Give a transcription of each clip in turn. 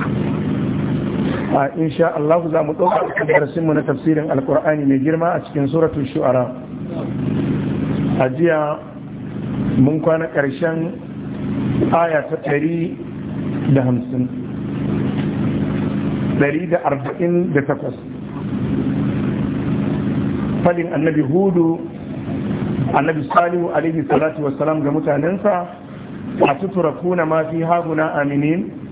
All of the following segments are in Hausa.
a insha Allah za mu ɗauka darasin mu na tafsirin alkur'ani mai girma a cikin suratul shu'ara a jiya mun kwana ƙarshen aya ta ɗari da hamsin ɗari da arba'in da takwas falin annabi hudu annabi salihu alaihi salatu wasalam ga mutanensa a tutura kuna mafi haguna aminin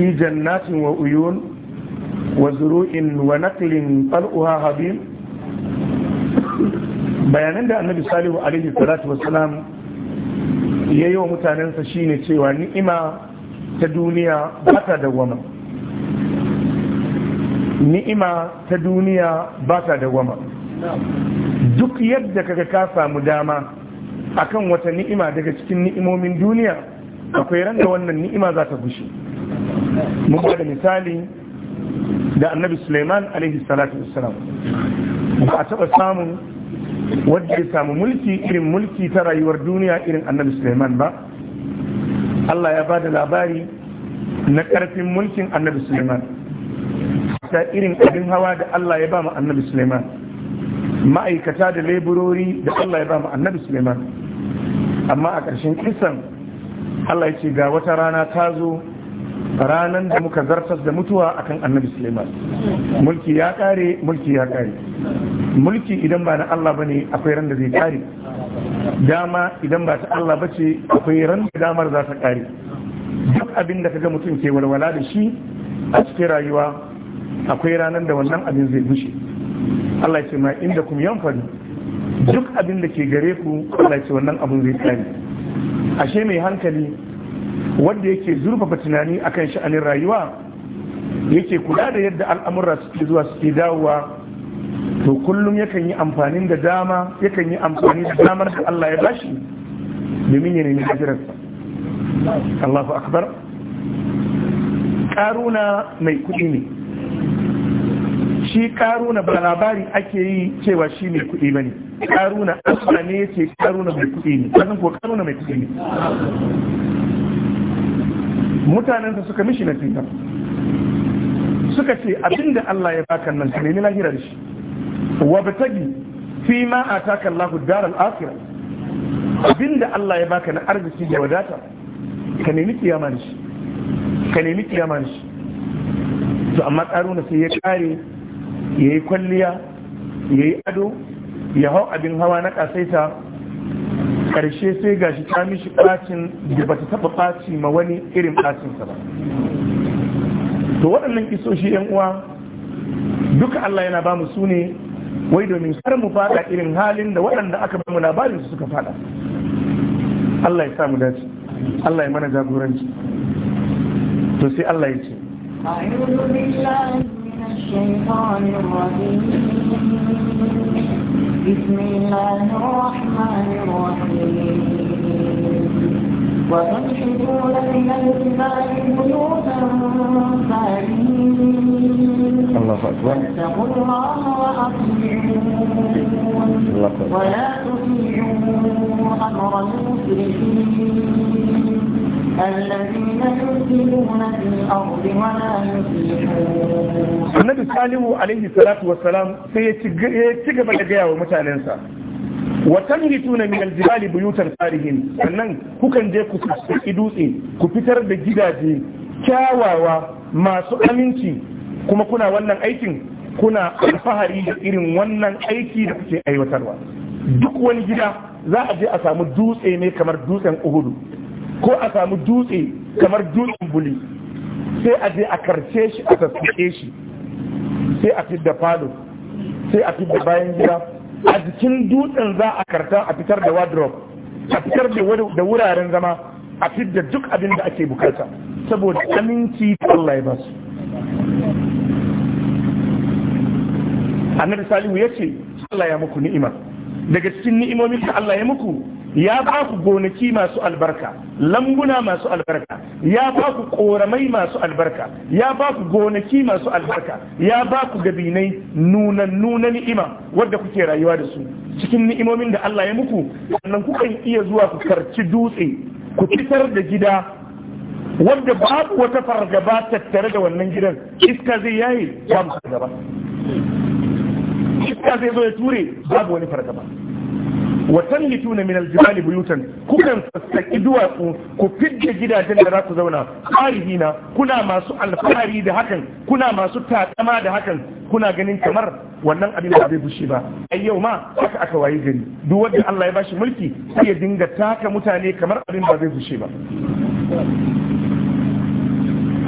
fi jannatin wa uyun wa zuru'in wa habib bayanan da annabi salihu alaihi salatu ya yi wa mutanensa shine cewa ni'ima ta duniya ba ta dawwama ni'ima ta duniya ba ta duk yadda kaga ka samu dama akan wata ni'ima daga cikin ni'imomin duniya akwai ran da wannan ni'ima za ta gushe mun bada misali da annabi suleiman alaihi salatu wassalam ba a taɓa samun wadda ya samu mulki irin mulki ta rayuwar duniya irin annabi suleiman ba allah ya ba da labari na ƙarfin mulkin annabi suleiman ta irin abin hawa da allah ya ba mu annabi suleiman ma'aikata da leburori da allah ya ba mu annabi suleiman amma a ƙarshen kisan allah ya ce ga wata rana ta zo ranan da muka zartas da mutuwa akan annabi suleiman mulki ya kare mulki ya kare mulki idan ba na allah bane akwai ran da zai kare dama idan ba ta allah bace akwai ran da damar za ta kare duk abin da kaga mutum ke walwala da shi a cikin rayuwa akwai ranar da wannan abin zai bushe allah ce ma inda kuma yanfani duk abin da ke gare ku allah ce wannan abin zai kare ashe mai hankali wanda yake zurfafa tunani akan sha'anin rayuwa yake kula da yadda al'amura suke zuwa suke dawowa to kullum yakan yi amfani da dama yakan yi amfani da damar da Allah ya bashi domin ya nemi hajjirarsa Allahu akbar karuna mai kuɗi ne shi karuna ba labari ake yi cewa shi mai kuɗi ba ne karuna asma ne ce karuna mai kuɗi ne kasan ko karuna mai kuɗi ne mutanensa suka mishi na tinkan suka ce abinda Allah ya baka nan ka nemi lahira da shi wa batagi fi ma ataka Allahu daral akhirah abinda Allah ya baka na arziki da wadata ka nemi kiyama shi ka nemi kiyama shi to amma karuna sai ya kare yayi kwalliya yayi ado ya hau abin hawa na kasaita karshe sai ga gashi ta mishi ɓacin da bata taɓa ɓaci ma wani irin bacinsa ba to waɗannan kisoshi yan uwa duka Allah yana ba mu su ne wai domin kar mu faɗa irin halin da waɗanda aka ba mu labarin su suka faɗa. Allah ya samu dace Allah ya mana jagoranci to sai Allah ya ce بسم الله الرحمن الرحيم Waɗanshito salihu ƴan zazikin musamman zaɓi. Ya ci gaba da gaya wa mutanensa wa tanrituna min aljibali buyutan tarihin sannan kukan je ku saki dutse ku fitar da gidaje kyawawa masu aminci kuma kuna wannan aikin kuna alfahari da irin wannan aiki da kuke aiwatarwa duk wani gida za a je a samu dutse ne kamar dutsen uhudu ko a samu dutse kamar dutsen buli sai a je a karce shi a sassuke shi sai a fidda falo sai a fidda bayan gida a cikin dutsen za a karta a fitar da wardrobe a fitar da wuraren zama a fidda duk abin da ake bukata saboda aminci Allah ya basu annabi salihu yace Allah ya muku ni'ima daga cikin ni'imomin da Allah ya muku ya ba ku gonaki masu albarka lambuna masu albarka ya ba ku koramai masu albarka ya ba ku gonaki masu albarka ya ba ku gabinai nunan nunan ni'ima wadda kuke rayuwa da su cikin ni'imomin da Allah ya muku sannan kukan iya zuwa ku karci dutse ku fitar da gida wadda babu wata fargaba tattare da wannan gidan iska zai yayi mu fargaba iska zai zo ya ture babu wani fargaba wa tanlituna min aljibali buyutan kukan sassaki duwatsu ku fidda gidajen da za ku zauna na kuna masu alfahari da hakan kuna masu takama da hakan kuna ganin kamar wannan abin da bai bushe ba ai yau ma haka aka wayi gani, duk wanda Allah ya bashi mulki sai ya dinga taka mutane kamar abin ba zai bushe ba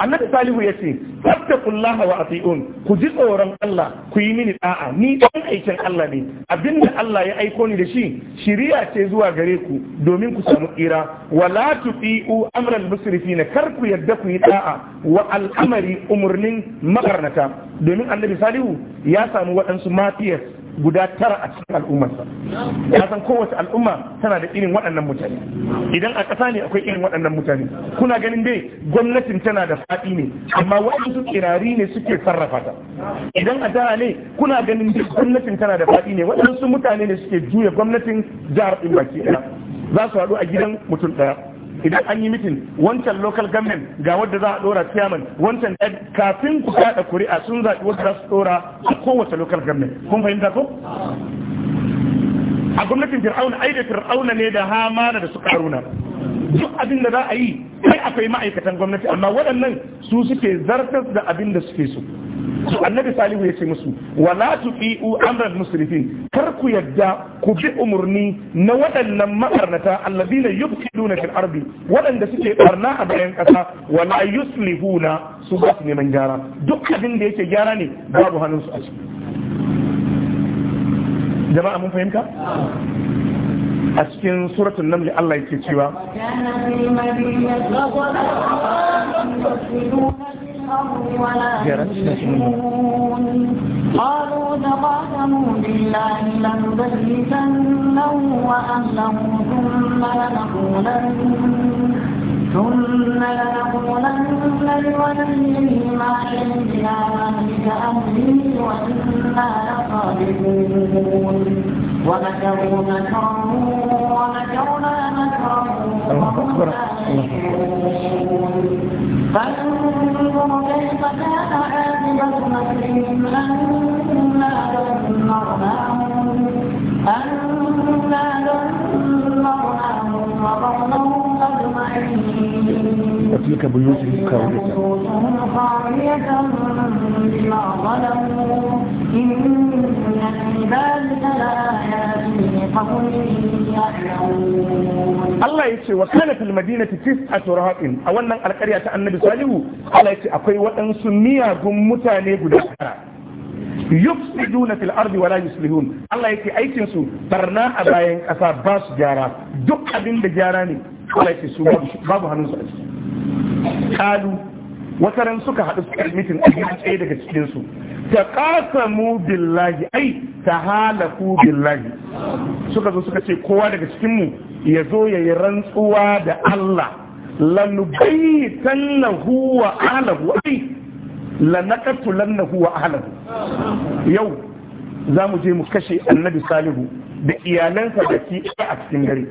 annabi salihu ya ce fattakullaha wa ati'un ku ji tsoron Allah ku yi mini da'a ni dan aikin Allah ne abin da Allah ya aiko ni da shi shiriya ce zuwa gare ku domin ku samu tsira wala tuti'u amral musrifin kar ku yadda ku yi da'a wa al'amari umurnin makarnata domin annabi salihu ya samu waɗansu mafiyas guda tara a cikin al'ummarsa ya san kowace al'umma tana da irin waɗannan mutane idan a ƙasa ne akwai irin waɗannan mutane kuna ganin dai gwamnatin tana da faɗi ne amma waɗansu kirari ne suke sarrafa ta idan a jiha ne kuna ganin dai gwamnatin tana da faɗi ne waɗansu mutane ne suke juya gwamnatin jihar ɗin baki ɗaya za su haɗu a gidan mutum ɗaya idan an yi mitin wancan local government ga wadda za a dora chairman wancan kafin ku kada kuri'a sun zaɓi wadda za su dora kowace local government kun fahimta ko a gwamnatin fir'auna ai da fir'auna ne da hamana da su karuna duk abin da za a yi kai akwai ma'aikatan gwamnati amma waɗannan su suke zartas da abin da suke so su annabi salihu ya ce musu wala tufi'u amran musrifin kar ku yadda ku bi umurni na waɗannan makarnata alladina yubsiduna fil ardi waɗanda suke barna a bayan ƙasa wala yuslihuna su ba su neman gyara duk abin da yake gyara ne babu hannunsu a ciki jama'a mun fahimta a cikin suratun namni Allah yake cewa الأرض قالوا تقاسموا بالله لنبيتنه وأهله ثم لنقولن ثم لنقولن ما شهدنا مهلك أهله وإنا لصادقون ومكروا مكرا ومكرنا مكرا وهم لا كيف كان عاقبة مكرهم أنا دمرناهم أنا دمرناهم وقومهم أجمعين وتلك بيوتهم خاوية بما ظلموا إن عبادنا لآيات لقوم Allah ya ce wa kana fil madinati tis'atu a wannan alƙarya ta Annabi Salihu Allah ce akwai waɗansu miyagun mutane guda tara yufsiduna fil ardi wala yuslihun Allah yake aikinsu su barna a bayan ƙasa ba su gyara duk abinda da gyara ne Allah yake su babu hannun su a ciki kalu suka haɗu su mitin a daga cikin ta qasamu billahi ai ta halaku billahi suka zo suka ce kowa daga cikin mu ya zo yayi rantsuwa da Allah lanubayyitan lahu wa ahlahu ai lanaqatulannahu wa ahlihi yau za mu je mu kashe annabi salihu da iyalansa da ki a cikin gari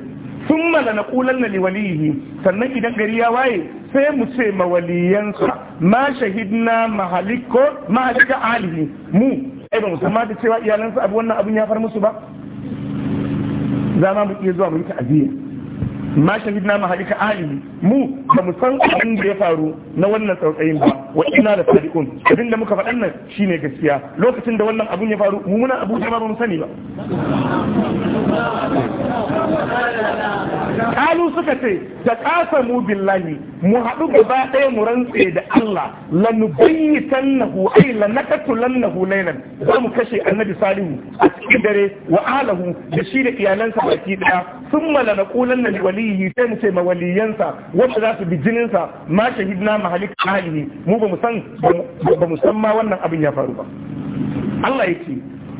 sun mana na ƙulanna liwalihi sannan idan gari ya waye sai mu ce ma ma shahidna mahaliko mahalika alihi mu ai ba musamma da cewa iyalansa abu wannan abun ya far musu ba za ma mu iya zuwa mu yi ta'aziyya ma shahidna ma halika ahli mu ba mu san abin da ya faru na wannan tsautsayin ba wa ina da sadiqun abin da muka faɗan nan shine gaskiya lokacin da wannan abun ya faru mu muna abu ba mu sani ba kalu suka ce da kasa mu billahi mu haɗu gaba ɗaya mu rantse da Allah lanubayyitannahu ay lanakatulannahu laylan za mu kashe annabi salihu a cikin dare wa alahu da shi da iyalansa baki daya thumma lanaqulanna liwali walihi sai mu ce ma waliyansa wanda za su bi jininsa ma shahidna mahalik ahlihi mu ba mu san ba mu san ma wannan abin ya faru ba Allah yake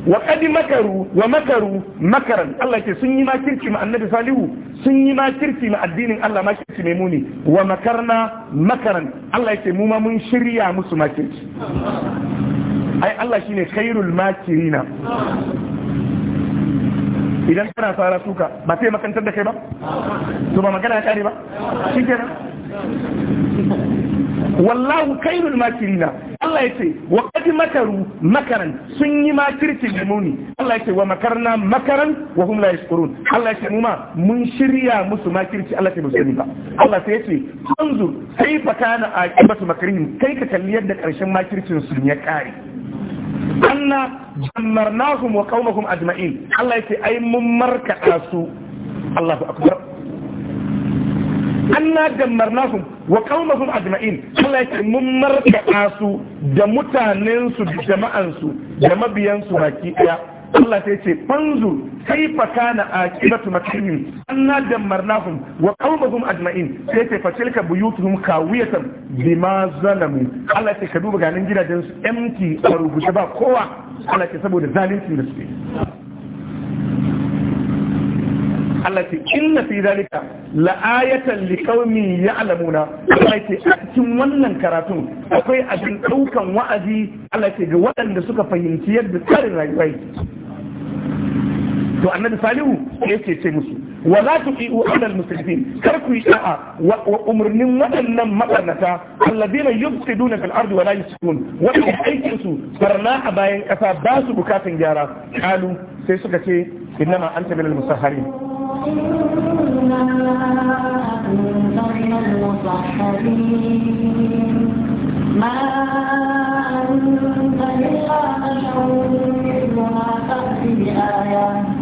wa kadi makaru wa makaru makaran Allah yake sun yi makirci ma annabi salihu sun yi makirci ma addinin Allah makirci mai muni wa makarna makaran Allah yake mu ma mun shirya musu makirci ai Allah shine khairul makirina idan kana fara suka ba sai makantar da kai ba to ba magana ya kare ba shi kenan wallahu khairul makirina Allah yace wa qad makaru makaran sun yi makirci da muni Allah yace wa makarna makaran wa hum la yashkurun Allah yace mu ma mun shirya musu makirci Allah yace musu ba Allah sai yace anzur kaifa kana aqibatu makrihim kai ka kalli yadda karshen makircin su ya kare janna jammarnahum wa qaumahum ajma'in Allah yace ai mun markada su Allahu akbar anna jammarnahum wa qaumahum ajma'in Allah yace mun markada su da mutanen su da jama'an su da mabiyan su baki daya Allah sai ce fanzu fa kana aqibatu makrihim anna dammarnahum wa qaumahum ajma'in sai ce fatilka buyutuhum kawiyatan bima zalamu Allah sai ka duba ganin gidajen su empty a rubuce ba kowa Allah ce saboda zalunci da suke Allah ce inna fi zalika la'ayatan liqaumin ya'lamuna Allah ce a cikin wannan karatun akwai abin daukan wa'azi Allah ce ga waɗanda suka fahimci yadda tsarin rayuwa to annabi salihu ya ce ce musu wa za ku fi al musulmin kar ku yi sha'a wa umarnin waɗannan matsarnata allazina yufsiduna fil ardi wa la yusun wa aikin su barna a bayan ƙasa ba su bukatan gyara kalu sai suka ce innama anta min al musahharin ما أنت إلا بشر مثلنا فأتي بآيات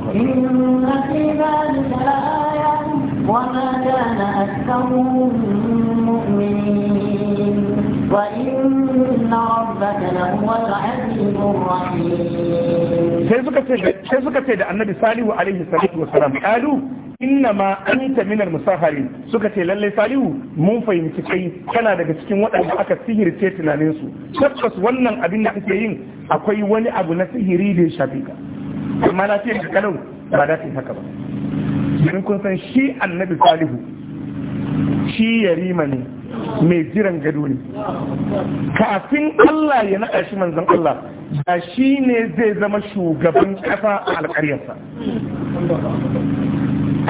sai suka ce da annabi salihu alaihi salatu wasalam kalu inna ma anta min al suka ce lalle salihu mun fahimci kai kana daga cikin waɗanda aka sihirce tunanin su tabbas wannan abin da kake yin akwai wani abu na sihiri da ya shafi amma na ce kalau ba da ta yi haka ba domin kun san shi annabi salihu shi yarima ne mai jiran gado ne kafin Allah ya naɗa shi manzan Allah da shi ne zai zama shugaban ƙasa a alƙaryarsa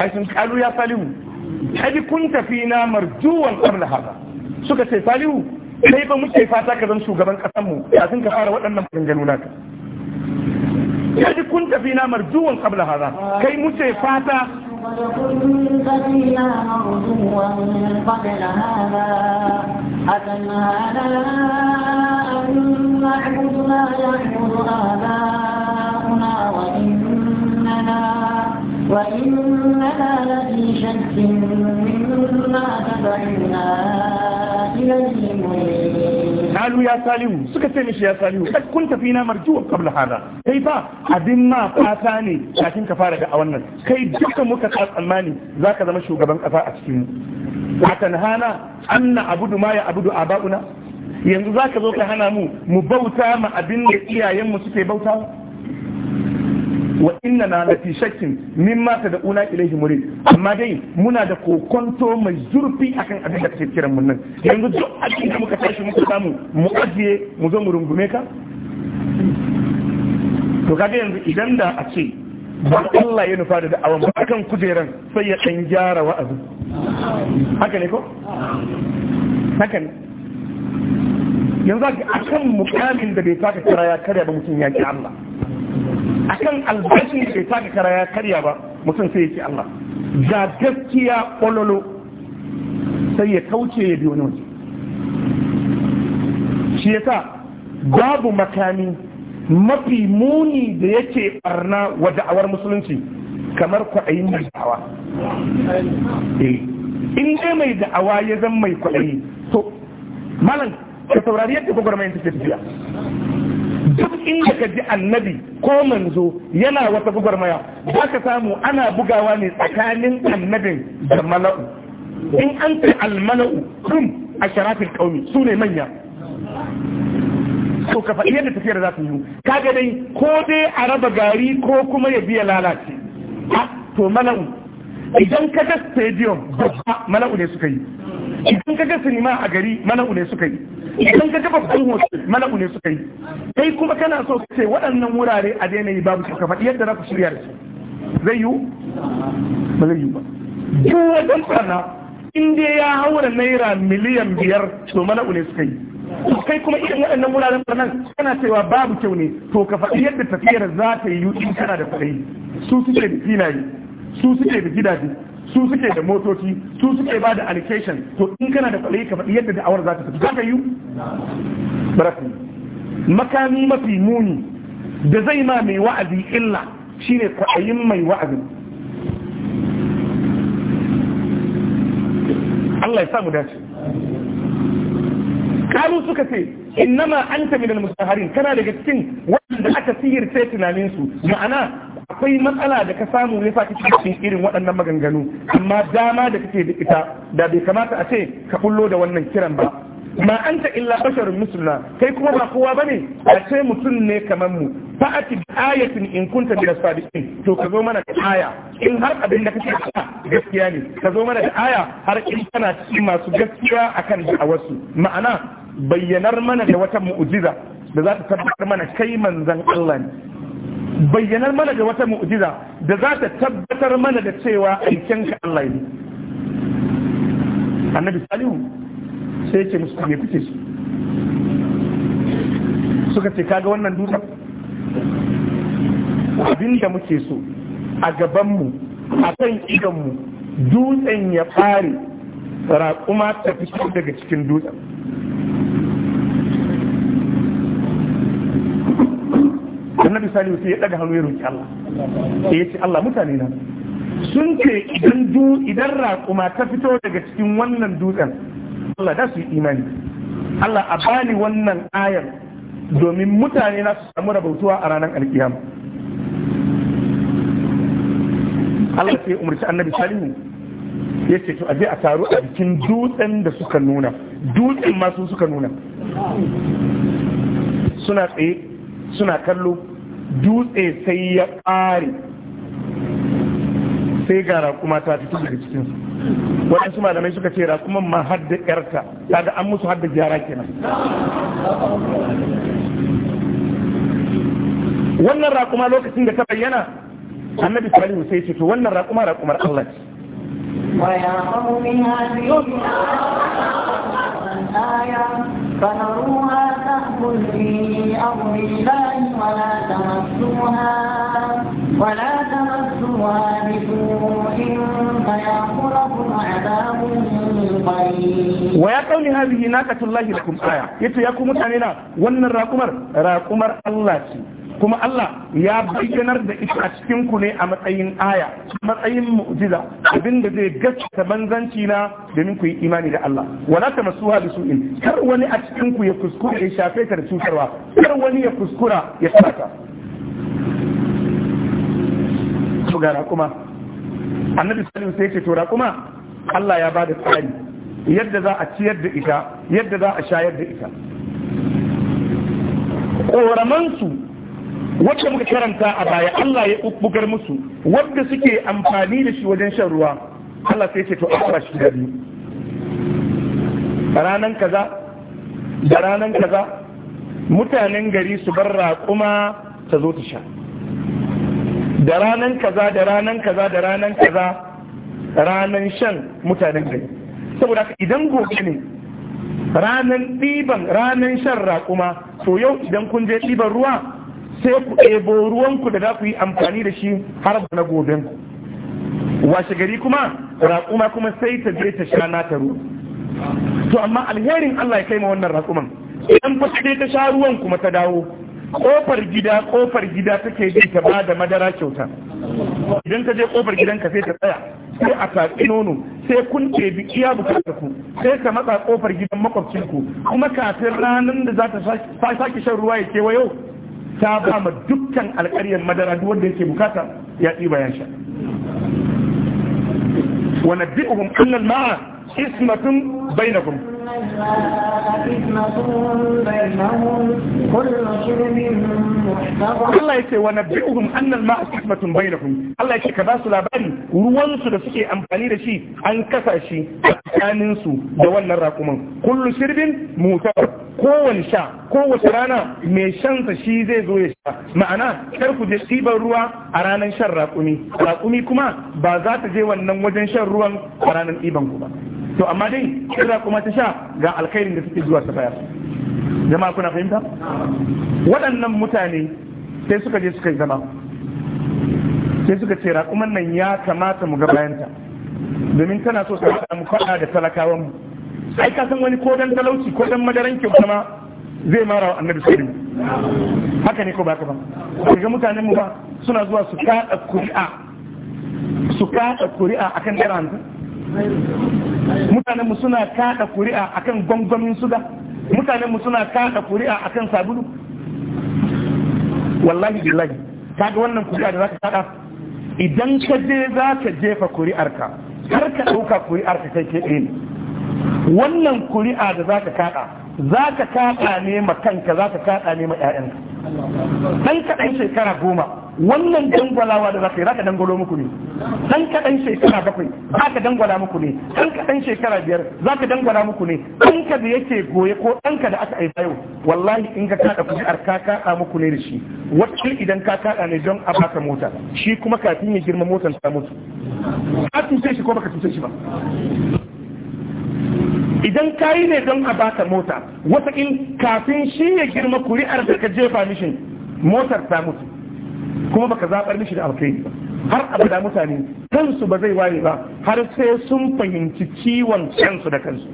aikin kalu ya salihu hadi kun tafi na marjuwan ƙarni haka suka ce salihu sai ba muke fata ka zama shugaban ƙasanmu kafin ka fara waɗannan maganganu naka ya ji kun tafi na marjuwan kabla haza kai muke fata وإننا لفي شك مما تدعونا إليه مريد Nalu ya salihu suka ce mishi ya salihu kad kun tafi na marjuwan kabla hada kai fa abin ma fata ne kafin ka fara da'awan nan kai dukkan muka ka tsammani zaka zama shugaban kasa a cikin mu watan hana anna abudu ma ya abudu aba'una yanzu zaka zo ka hana mu mu bauta ma abin da iyayenmu suke bauta? wa inna na lafi shakkin mimma ta una ilaihi murid amma dai muna da kokonto mai zurfi akan abin da kake kiran mun nan yanzu duk abin da muka tashi muka samu mu ajiye mu zo mu rungume ka to kaga yanzu idan da a ce ba Allah ya nufa da da'awan ba akan kujeran sai ya dan gyara wa'azi haka ne ko haka ne yanzu akan mukamin da bai taka kira ya karya ba mutum ya ki Allah akan albashi bai taka kara ya karya ba mutum sai yake Allah ga gaskiya kololo sai ya kauce ya biyo wani shi yasa babu makami mafi muni da yake barna wa da'awar musulunci kamar kwaɗayin mai da'awa eh, in dai mai da'awa ya zan mai kwaɗayi to malam ka saurari yadda gwagwarmayin take tafiya duk inda ka ji annabi ko manzo yana wata maya za ka samu ana bugawa ne tsakanin annabin da mala'u in an ce almala'u rum a sharafin ƙaumi su ne manya to ka faɗi yadda tafiyar za su yi kaga dai ko dai a raba gari ko kuma ya biya lalace to mala'u idan ka ga stadium babba mala'u ne suka yi idan ka ga sinima a gari mala'u ne suka yi idan ka ga babban hotel mala'u ne suka yi kai kuma kana so ka ce waɗannan wurare a daina yi babu ka faɗi yadda za ku shirya da su zai yiwu ba zai yiwu ba duk wajen tsana in dai ya haura naira miliyan biyar to mala'u ne suka yi kai kuma irin waɗannan wuraren nan kana cewa babu kyau ne to ka faɗi yadda tafiyar za ta yi yi kana da kuɗi su suke da filaye su suke da gidaje su suke da motoci su suke ba da allocation to in kana da kwalai ka faɗi yadda da'awar za ta tafi za ka yi makami mafi muni da zai ma mai wa'azi illa shine kwaɗayin mai wa'azi. Allah ya samu dace kalu suka ce innama anta minal musaharin kana daga cikin wanda aka sihirce tunaninsu ma'ana akwai matsala da ka samu ya sa kake cikin irin waɗannan maganganu amma dama da kake da ita da bai kamata a ce ka kullo da wannan kiran ba ma anta illa basharun musulma kai kuma ba kowa bane a ce mutum ne kamar mu fa'ati bi ayatin in kunta min as-sadiqin to ka zo mana da aya in har abin da kake faɗa gaskiya ne ka zo mana da aya har in kana cikin masu gaskiya akan wasu. ma'ana bayyanar mana da wata mu'jiza da za ta tabbatar mana kai manzon Allah ne bayyanar mana da wata mu'jiza da za ta tabbatar mana da cewa aikinka Allah ne annabi salihu sai ce musu me kuke su suka ce kaga wannan dutsen abin da muke so a gabanmu a kan mu, dutsen ya fare raƙuma ta fito daga cikin dutsen annabi salihu sai ya daga hannu ya roki Allah sai ya ce Allah mutane na sun ce idan du idan raƙuma ta fito daga cikin wannan dutsen Allah da su yi imani Allah a bani wannan ayar domin mutane na su samu rabautuwa a ranar alkiyama Allah sai umarci annabi salihu ya ce to aje a taro a bikin dutsen da suka nuna dutsen masu suka nuna suna tsaye suna kallo dutse sai ya ƙare sai ga raƙuma ta fito daga cikinsu waɗansu malamai suka ce raƙuman ma hadda ƴarta kaga an musu hadda gyara kenan wannan raƙuma lokacin da ta bayyana annabi salihu sai ce to wannan raƙuma raƙumar Allah ce ويا قوم هذه آية فذروها تأكل في أرض الله ولا تمسوها ولا تمسوها بسوء فيأخذكم عذاب waya kauli hazihi naqatullahi lakum aya yace ya ku mutane na wannan raƙumar raƙumar Allah kuma Allah ya bayyanar da ita a cikin ku ne a matsayin aya matsayin mu'jiza abinda zai gaskata manzanci na domin ku yi imani da Allah wala ta masuha bi su'in kar wani a cikin ku ya kuskura ya shafe ta da cutarwa kar wani ya kuskura ya saka to ga raƙuma annabi sallallahu alaihi wasallam sai ya ce to kuma Allah ya bada tsari yadda za a ciyar da ita yadda za a shayar da ita koramansu wacce muka karanta a baya Allah ya bugar musu wanda suke amfani da shi wajen shan ruwa Allah sai ce to a fara shi gari ranan kaza da ranan kaza mutanen gari su bar raƙuma ta zo ta sha da ranan kaza da ranan kaza da ranan kaza ranan shan mutanen gari saboda idan gobe ne ranan ɗiban ranan shan raƙuma to yau idan kun je ɗiban ruwa sai ku ɗebo ruwanku da za ku yi amfani da shi har da na gobenku washe gari kuma raƙuma kuma sai ta je ta sha nata ruwa to amma alherin Allah ya kai ma wannan raƙuman idan ku sai ta sha ruwan kuma ta dawo kofar gida kofar gida take bi ta ba da madara kyauta idan ka je kofar gidanka sai ta tsaya sai a tafi nono sai kun ɗebi iya bukatar ku sai ka matsa kofar gidan makwabcin kuma kafin ranar da za ta sake shan ruwa ya kewayo ta ba ma dukkan alƙaryar madara duk wanda yake bukata ya ɗiba ya sha wa nabbi'uhum anna al-ma'a ismatun bainahum Allah ya ce wa nabbi'uhum annal ma'a qismatun bainahum Allah ya ce ka ba su labarin ruwansu da suke amfani da shi an kasa shi tsakanin su da wannan rakuman kullu shirbin mutar kowane sha kowace rana mai shansa shi zai zo ya sha ma'ana kar ku je ɗiban ruwa a ranar shan raƙumi raƙumi kuma ba za ta je wannan wajen shan ruwan a ranar ɗiban ku ba to amma dai kira kuma ta sha ga alkhairin da suke zuwa ta baya jama'a kuna fahimta waɗannan mutane sai suka je suka yi zama sai suka ce raƙuman nan ya kamata mu ga bayanta domin tana so ta mu faɗa da talakawan mu ai ka san wani ko dan talauci ko dan madaran ki kuma zai mara wa annabi wasallam haka ne ko ka ba ga mutanen mu ba suna zuwa su kaɗa kuri'a su kaɗa kuri'a akan naira hamsin Mutanenmu mu suna kada kuri'a akan gwangwamin suga Mutanenmu mu suna kada kuri'a akan sabulu wallahi billahi kaga wannan kuri'a da zaka kada idan ka je za ka jefa ka har ka ɗauka ka kai ke ɗaya wannan kuri'a da za ka kada za ka kaɗa ne ma kanka za ka kaɗa ne ma ƴaƴanka dan kaɗan shekara goma wannan dangwalawa da za ka za ka dangwalo muku ne dan kaɗan shekara bakwai za ka dangwala muku ne dan kaɗan shekara biyar za ka dangwala muku ne ka da yake goye ko ka da aka aika yau wallahi in ka kaɗa ar ka kaɗa muku ne da shi wacce idan ka kaɗa ne don a baka mota shi kuma kafin ya girma motan ta mutu ka tuce shi ko baka tuce shi ba idan ka yi ne don a baka mota wataƙil kafin shi ya girma kuri'ar da ka jefa mishin motar ta mutu kuma baka zaɓar mishi da alkhairi har abada mutane kansu ba zai waye ba har sai sun fahimci ciwon kansu da kansu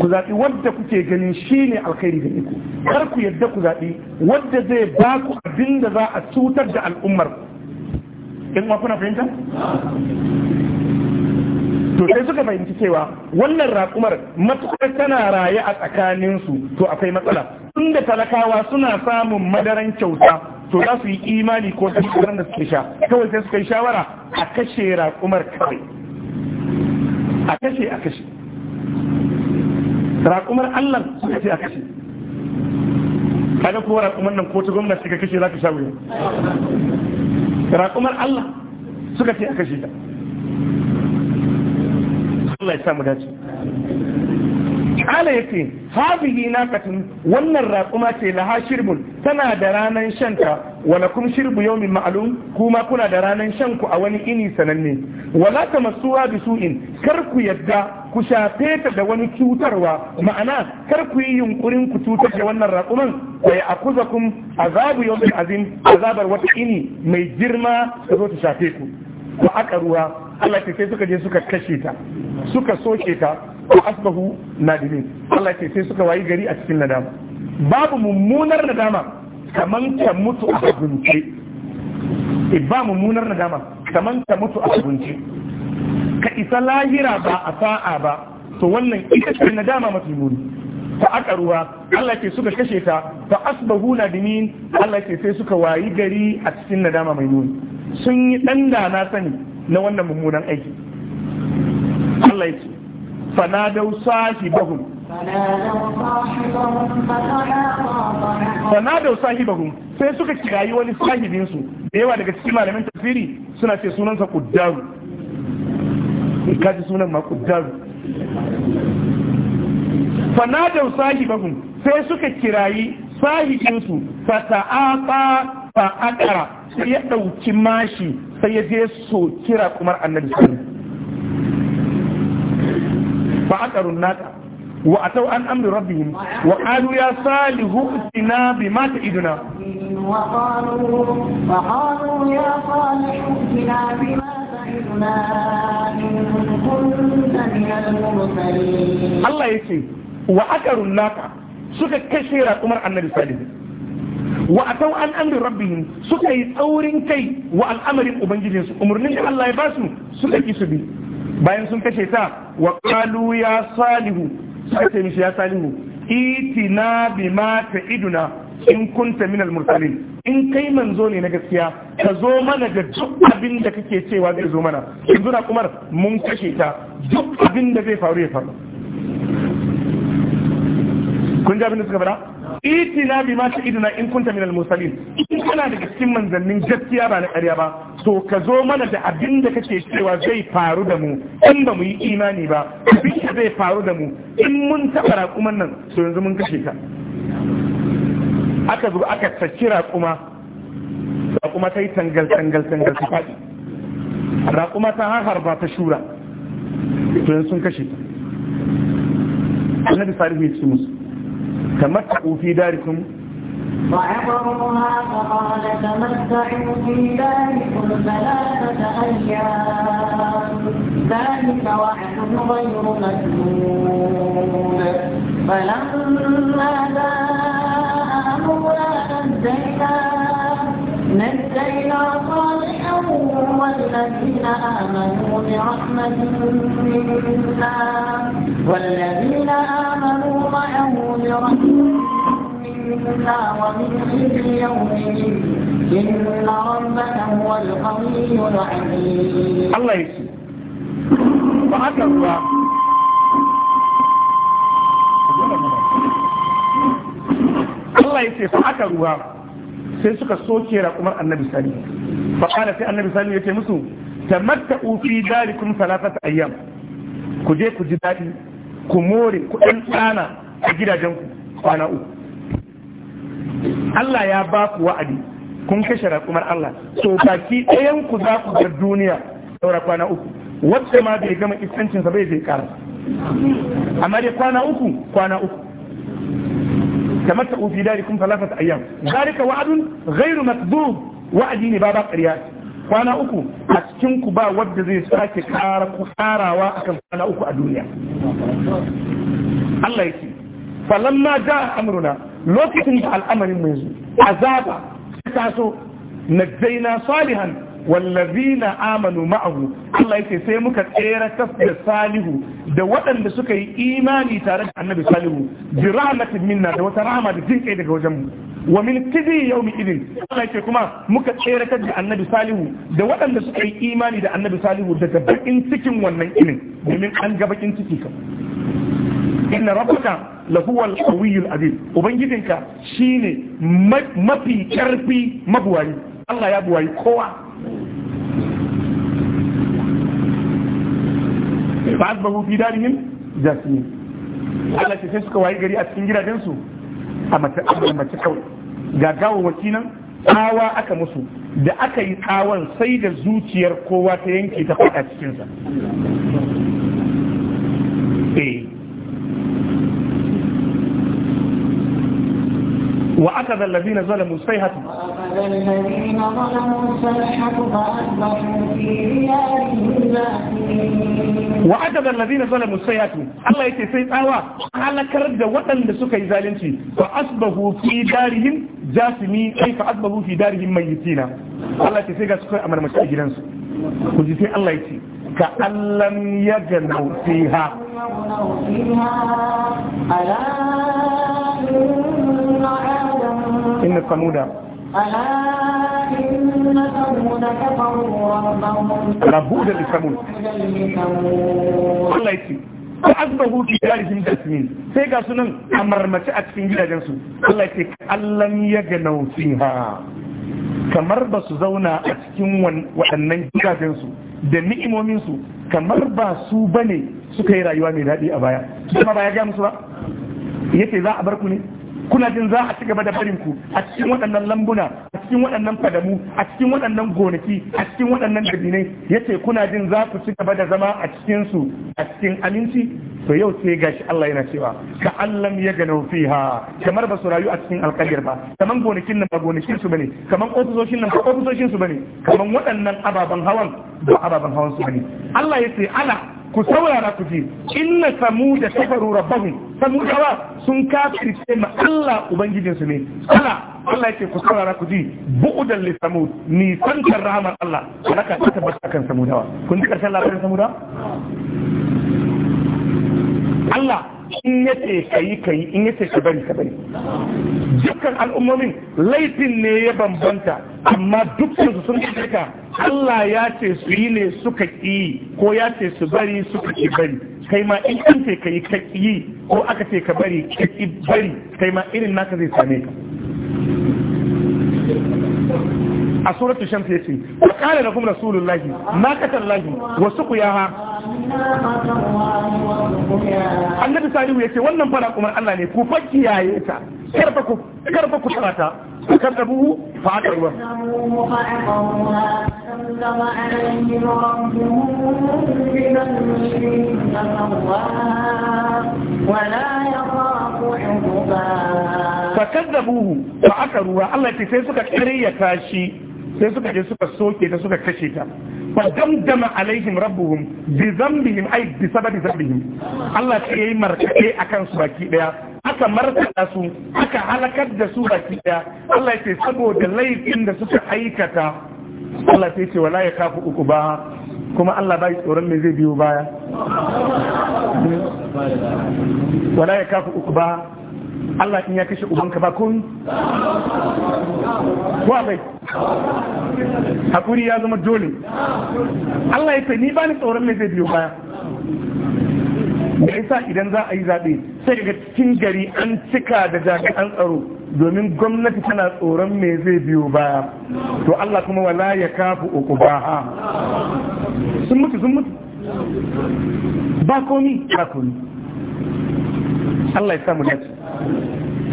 ku zaɓi wadda kuke ganin shi ne alkhairi da iku, har ku yadda ku zaɓi wadda zai ba ku abin da za a cutar da al'ummar in kuna fahimta to sai suka fahimci cewa wannan raƙumar matuƙar tana raye a tsakaninsu to akwai matsala tunda talakawa suna samun madaran kyauta to za su yi imani ko ta shi da suke sha kawai sai suka yi shawara a kashe raƙumar kawai a kashe a kashe raƙumar allah suka ce a kashe kada kuwa raƙumar nan ko ta gwamnati ka kashe za ka sha wuya raƙumar allah suka ce a kashe ta Allah ya samu dace ala ya ce habihi wannan raƙuma ce laha shirbun tana da ranan shanta wala kum shirbu yawmin ma'alum? kuma kuna da ranan shanku a wani ini sananne wala tamassuha bisu'in kar ku yadda ku shafe ta da wani cutarwa ma'ana kar ku yi yunkurin ku cutar da wannan raquman ku a akuzakum azabu yawmin azim azabar wata ini mai girma da zo ta shafe ku wa ruwa. Allah ce sai suka je suka kashe ta suka soke ta ko asbahu nadimin Allah ce sai suka wayi gari a cikin nadama babu mummunar nadama kaman ta mutu a gunce e ba mummunar nadama kaman ta mutu a gunce ka isa lahira ba a sa'a ba to wannan ita ce nadama mafi muni ruwa, Allah ke suka kashe ta ta asbahu nadimin Allah ke sai suka wayi gari a cikin nadama mai muni. sun yi dan da na sani na wannan mummunan aiki Allah ya ce fanadau sahibahum fanadau sahibahum sai suka kirayi wani sahibinsu da yawa daga cikin malamin tafsiri suna ce sunansa kuddaru kaji sunan ma kuddaru fanadau sahibahum sai suka kirayi sahibinsu fata'afa fa'akara sai ya ɗauki mashi sai ya je so kira kumar annabi sallallahu fa naka wa an amri rabbihim wa qalu ya salihu ina bima ta'iduna wa qalu wa qalu ya salihu ina bima ta'iduna Allah wa naka suka kashe raƙumar annabi sallallahu wa atau an amri rabbihim suka yi tsaurin kai wa al'amarin ubangijin su umarnin da Allah ya ba su suka ki su bi bayan sun kashe ta wa qalu ya salihu suka ce mishi ya salihu itina bima ta'iduna in kunta min al-mursalin in kai manzo ne na gaskiya ka zo mana da duk abin da kake cewa zai zo mana yanzu na kumar mun kashe ta duk abin da zai faru ya faru kun ji abin da suka faɗa itina bi ma ta idina in kunta minal musalin, in kana daga cikin manzannin gaskiya ba na ƙarya ba to ka zo mana da abin da kake cewa zai faru da mu in ba mu yi imani ba abin da zai faru da mu in mun taɓa raƙuman nan to yanzu mun kashe ka aka zo aka saki raƙuma raƙuma ta yi tangal tangal tangal ta faɗi raƙuma ta harba ta shura to yanzu sun kashe ta annabi salihu ya ce musu تمتعوا في داركم فعبرها فقال تمتعوا في داركم ثلاثة أيام ذلك وعد غير مكذوب فلما جاء أمرنا نجينا نجينا قال والذين آمنوا برحمة معه برحمة منا ومن خزي يومهم إن ربك هو القوي العزيز الله يسلمك وعد الله Allah ya ce fa aka ruwa sai suka soke raƙumar annabi sallallahu faƙara sai annabi sani ya ce musu tamatta'u fi darikum salatata ayyam ku je ku ji daɗi ku more ku ɗan tsana a gidajenku kwana uku Allah ya ba ku wa'adi kun kashe raƙumar Allah so baki ɗayan ku za ku bar duniya saura kwana uku wacce ma bai gama iskancinsa bai zai ƙara amma dai kwana uku kwana uku ta ufi tamatta'u fi darikum salatata ayyam zalika wa'adun ghairu makdub wa'adi ne ba ba ƙarya kwana uku a cikin ku ba wadda zai sake ƙara ku ƙarawa akan kwana uku a duniya Allah ya ce falamma da amruna lokacin da al'amarin mai zuwa azaba ta taso zaina salihan wallazina amanu ma'ahu Allah yake sai muka tsere da salihu da waɗanda suka yi imani tare da annabi salihu bi rahmatin minna da wata rahama da jinkai daga wajen mu wa min kidi yawmi idin Allah yake kuma muka tsere da annabi salihu da waɗanda suka yi imani da annabi salihu daga bakin cikin wannan inin domin an ga bakin ciki ka. inna rabbaka lahuwal qawiyyul azim ubangijinka shine mafi karfi mabuwari. Allah ya buwayi kowa fa asbahu fi darihim jasmin Allah ce sai suka wayi gari a cikin gidajensu a mace a mace kawai ga gawawaki nan tsawa aka musu da aka yi tsawon sai da zuciyar kowa ta yanke ta faɗa cikinsa eh وأخذ الذين ظلموا الصيحة وأخذ الذين ظلموا الصيحة فأصبحوا في ديارهم وأخذ الذين ظلموا الصيحة الله يتسي تاوى على كرد وطن لسكي ذالنتي فأصبحوا في دارهم جاسمي أي فأصبحوا في دارهم ميتين الله يتسي تاوى أمر مشاء جنانسو وجيسي الله يتسي كأن لم يجنوا فيها ألا إن inna samuda rabu da lissamun Allah ya ce ko azbahu fi darihim jasmin sai ga sunan a marmace a cikin gidajensu Allah ya ce Allah ya ganau fiha kamar ba su zauna a cikin waɗannan gidajensu da ni'imominsu kamar ba su bane suka yi rayuwa mai daɗi a baya kuma ba ya ga musu ba yace za a bar ku ne kuna jin za a ci gaba da barin ku a cikin waɗannan lambuna a cikin waɗannan fadamu a cikin waɗannan gonaki a cikin waɗannan dabinai ce kuna jin za ku ci gaba da zama a cikin su a cikin aminci to yau sai gashi Allah yana cewa ka allam ya gano fiha kamar ba su rayu a cikin alƙadir ba kamar gonakin nan ba gonakin su bane kamar ofisoshin nan ba ofisoshin su bane kamar waɗannan ababen hawan ba ababen hawan su bane Allah ya ce ana ku saurara ku ji inna samuda kafaru rabbahum samudawa sun kafirce ma Allah ubangijinsu ne ala Allah yake ku saurara ku ji bu'udan li samud ni santar rahmar Allah alaka ta tabbata kan samudawa kun ji karshen labarin samudawa Allah in ce ka yi ka yi in ce ka bari ka bari dukkan al'ummomin laifin ne ya bambanta amma dukkan su sun ka Allah ya ce su yi ne suka ƙi ko ya ce su bari suka ƙi bari kai ma in an ce ka yi ka ƙi ko aka ce ka bari ka ƙi bari kai ma irin naka zai same ka a suratul shams yace qala lakum rasulullahi ma qatalallahi wa suqiyaha annabi salihu ya ce wannan fara kuma Allah ne ku fakiyaye ta karfa ku karfa ku tsarata kan da buhu fa aka ruwa fakazzabuhu fa aka ruwa Allah ce sai suka kare ya tashi sai suka je suka soke ta suka kashe ta فدمدم عليهم ربهم بذنبهم أي بسبب ذنبهم الله تيي مركي أكن سباكي ديا aka markaɗa su aka halakar da su baki ɗaya Allah ya ce saboda laifin da suka aikata Allah ya ce wala ya kafu uku ba kuma Allah bai tsoron me zai biyo baya wala ya kafu uku ba Allah in ya kashe ubanka ba kun bai? hakuri ya zama dole Allah ya ni ba ni tsoron mai zai biyo baya da isa idan za a yi zaɓe sai daga cikin gari an cika da jami'an tsaro domin gwamnati tana tsoron me zai biyo baya to Allah kuma wala ya kafu uku ba sun mutu sun mutu ba komi ba komi Allah ya samu dace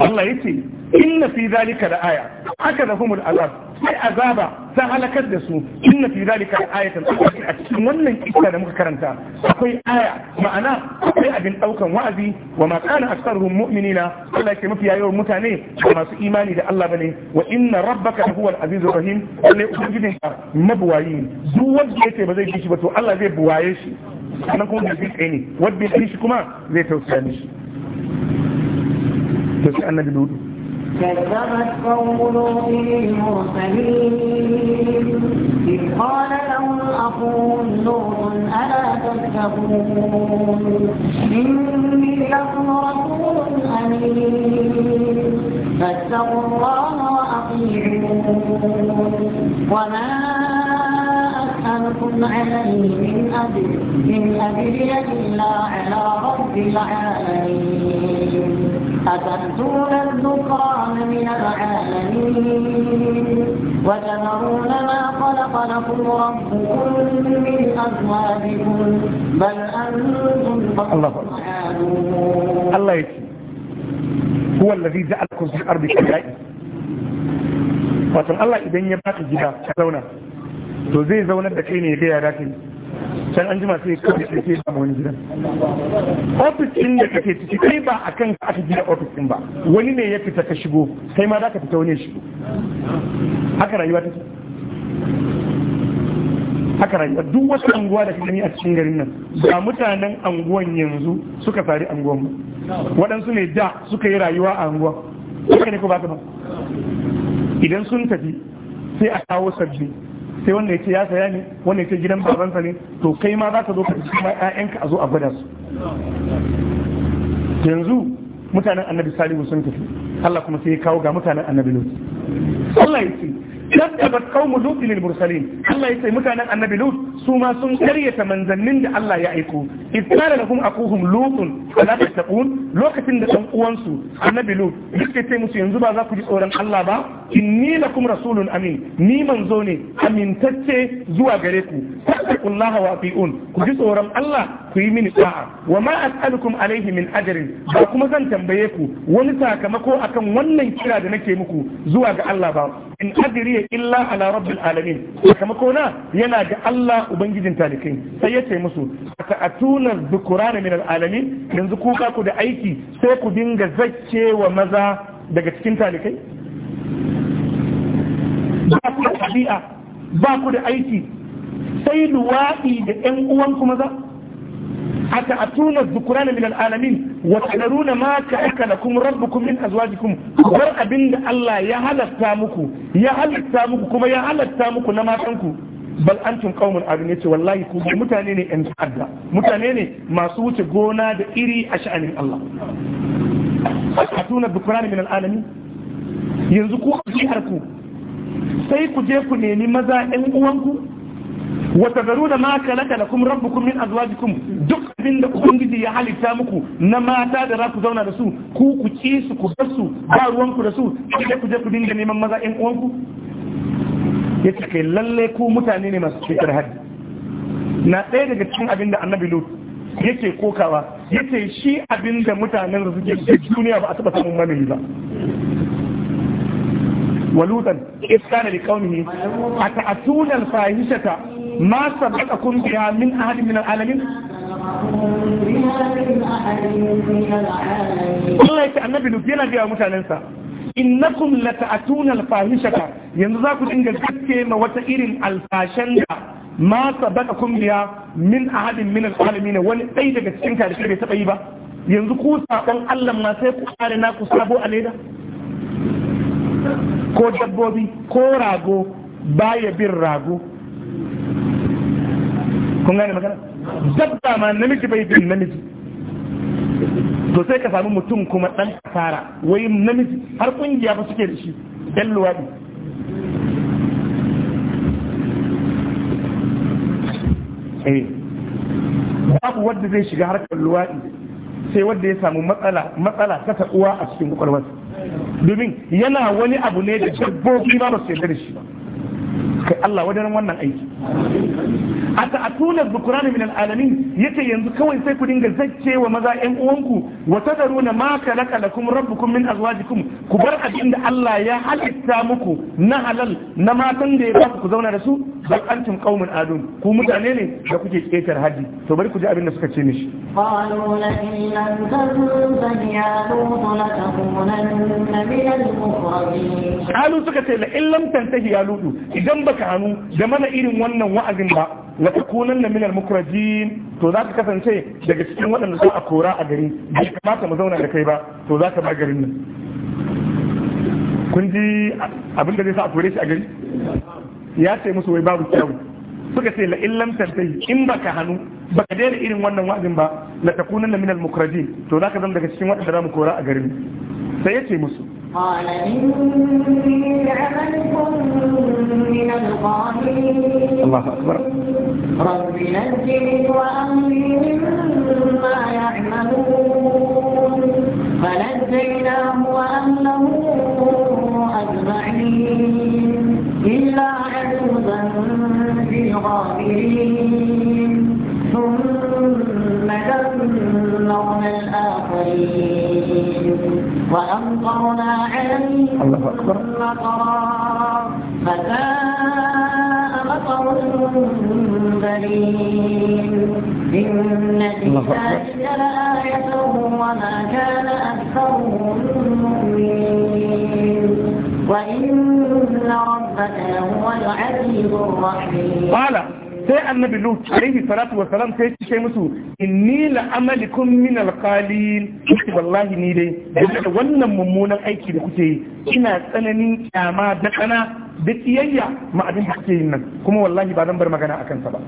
Allah yace inna fi zalika da aya haka da humul azab sai azaba ta halakar da su inna fi zalika ayatan a cikin wannan kissa da muka karanta akwai aya ma'ana akwai abin daukan wa'azi wa ma kana aktsaruhum mu'minina Allah yake mafi yawan mutane ba masu imani da Allah bane wa inna rabbaka huwa al-azizur rahim lalle ubangijin ka mabuwayi duk wanda yace ba zai bi shi ba to Allah zai buwaye shi sannan kuma zai tsaye ne wanda ya shi kuma zai tausaya mishi dauki annabi lutu كذبت قوم لوط للمرسلين إذ قال لهم أخوهم لوط ألا تتقون إني لكم رسول أمين فاتقوا الله وأطيعون وما أسألكم عليه من أجر من أجري إلا على رب العالمين أتأتون الذكران من العالمين وتذرون ما خلق لكم ربكم من أزواجكم بل أنتم الله الله يكفي هو الذي جعلكم في الأرض كذائي وتن الله إذن يبقى الجبال كذونا to zai zaunar da kai ne ya gaya dace can an jima sai kawai sai kai samu wani gidan ofis ɗin da kake ciki kai ba a kan aka gina ofis ɗin ba wani ne ya fita ka shigo kai ma za ka fita wani ya shigo haka rayuwa ce, haka rayuwa duk wasu anguwa da gani a cikin garin nan ba mutanen anguwan yanzu suka fari anguwan ba waɗansu ne da suka yi rayuwa a anguwa haka ne ko ba ka ba idan sun tafi sai a kawo sabbi sai wanda ya ce ya saya ne wanda ya ce gidan babansa ne to kai ma za ka zo ka ci ma ƴaƴanka a zo a gwada su yanzu mutanen annabi salihu sun tafi Allah kuma sai ya kawo ga mutanen annabi lut Allah ya ce kaddabat qaumu lutin lil mursalin Allah yace mutanen annabi lut su ma sun karyata manzannin da Allah ya aiko iskala lahum akuhum lutun ala tattaqun lokacin da dan uwansu annabi lut yake ce musu yanzu ba za ku ji tsoron Allah ba inni lakum rasulun amin ni manzo ne amintacce zuwa gare ku taqullaha wa fi'un ku ji tsoron Allah ku yi mini sa'a wa ma as'alukum alaihi min ajrin ba kuma zan tambaye ku wani sakamako akan wannan kira da nake muku zuwa ga Allah ba in adriya illa ala rabbil alamin sakamako na yana ga Allah ubangijin talikai sai ya ce musu atuna dhukurana min alamin yanzu ku ku da aiki sai ku dinga zacce maza daga cikin talikai ba ku da ba ku da aiki sai luwaɗi da ƴan uwan maza. maza أتأتون الذكران من العالمين وتذرون min كأك لكم ربكم من أزواجكم ورأ بند الله يهل التامكو يهل التامكو كما يهل التامكو نما تنكو bal an tun abin ya ce wallahi ku mutane ne yan ta'adda mutane ne masu wuce gona da iri a sha'anin Allah a tuna min al'alami yanzu ku a ku sai ku je ku nemi maza yan uwanku wa tazaruna ma kalaka lakum rabbukum min azwajikum duk abin da ubangiji ya halitta muku na mata da za ku zauna da su ku ku ci su ku bar su ba ruwanku da su sai ku je ku dinga neman maza ƴan uwanku yace kai lalle ku mutane ne masu cikar haddi na ɗaya daga cikin abin da annabi lut yake kokawa yace shi abin da mutanen da suke duniya ba a taɓa samun mamin ba ولوطا إذ كان لقومه أتأتون الفاحشة ما سبقكم بها من أحد من العالمين Allah ya ce annabi nufi yana gaya mutanensa innakum lata'atuna al-fahishata yanzu za ku dinga gaske ma wata irin alfashan da ma kun biya min ahadin min al-alamin wani dai daga cikin ka bai taba yi ba yanzu ku sakon Allah ma sai ku kare na ku sabo a leda ko dabbobi ko rago baya bin rago kun gane magana dabba ma namiji bai bin namiji to sai ka sami mutum kuma dan kasara wai namiji har kungiya ba suke da shi dan luwadi eh babu wanda zai shiga harkar luwadi sai wanda ya samu matsala matsala ta taɓuwa a cikin kwalwarsa domin yana wani abu ne da dabbobi ba ba su yarda da shi kai Allah wajen wannan aiki a ta'atuna dhukrana min alalamin yace yanzu kawai sai ku dinga zacce wa maza ƴan uwanku wa tadaruna ma kalaka lakum rabbukum min azwajikum ku bar abin da Allah ya halitta muku na halal na matan da ya ba ku zauna da su bal antum qaumun adun ku mutane ne da kuke ketar haji to bari ku ji abin da suka ce mishi qalu suka ce la in lam tantahi ya idan baka hanu da mana irin wannan wa'azin ba la na minal mukrajin to za ka kasance daga cikin waɗanda za a kora a gari bai kamata mu zauna da kai ba to za ka ba garin nan kun ji abin da zai sa a kore shi a gari ya ce musu wai babu kyau suka ce la illam tantai in baka hannu baka daina irin wannan wa'azin ba la na minal mukrajin to za ka zama daga cikin waɗanda za mu kora a garin sai ya ce musu قال إني عملكم من الظالمين الله أكبر رب نجني وأهلي إن الإنسان لآية وما كان أكثرهم مؤمنين وإن ربك هو العزيز الرحيم sai annabi lut alaihi salatu wassalam sai ya ce musu inni la amalikum min alqalil wallahi ni dai da wannan mummunan aiki da kuke yi ina tsananin kyama da kana da kiyayya ma abin da kuke yin nan kuma wallahi ba zan bar magana akan sa ba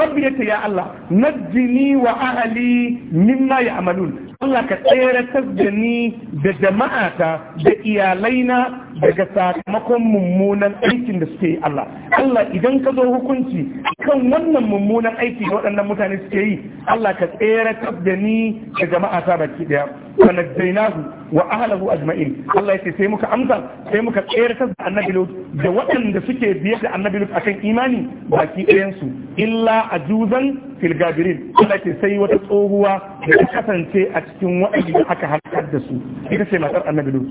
rabbi yace ya Allah najjini wa ahli mimma ya'malun Allah ka tsere da ni da jama'ata da iyalaina daga sakamakon mummunan aikin da suke yi Allah Allah idan ka zo hukunci kan wannan mummunan aiki da waɗannan mutane suke yi Allah ka tsere da ni da jama'a ta baki daya fanajjainahu wa ahlahu ajma'in Allah ce sai muka amsa sai muka tsere da annabi Lut da waɗanda suke biye da annabi Lut akan imani baki ɗayansu, illa ajuzan juzan filgabirin, Allah ce sai wata tsohuwa da ta kasance a cikin waɗanda aka halakar da su ita ce matar annabi Lut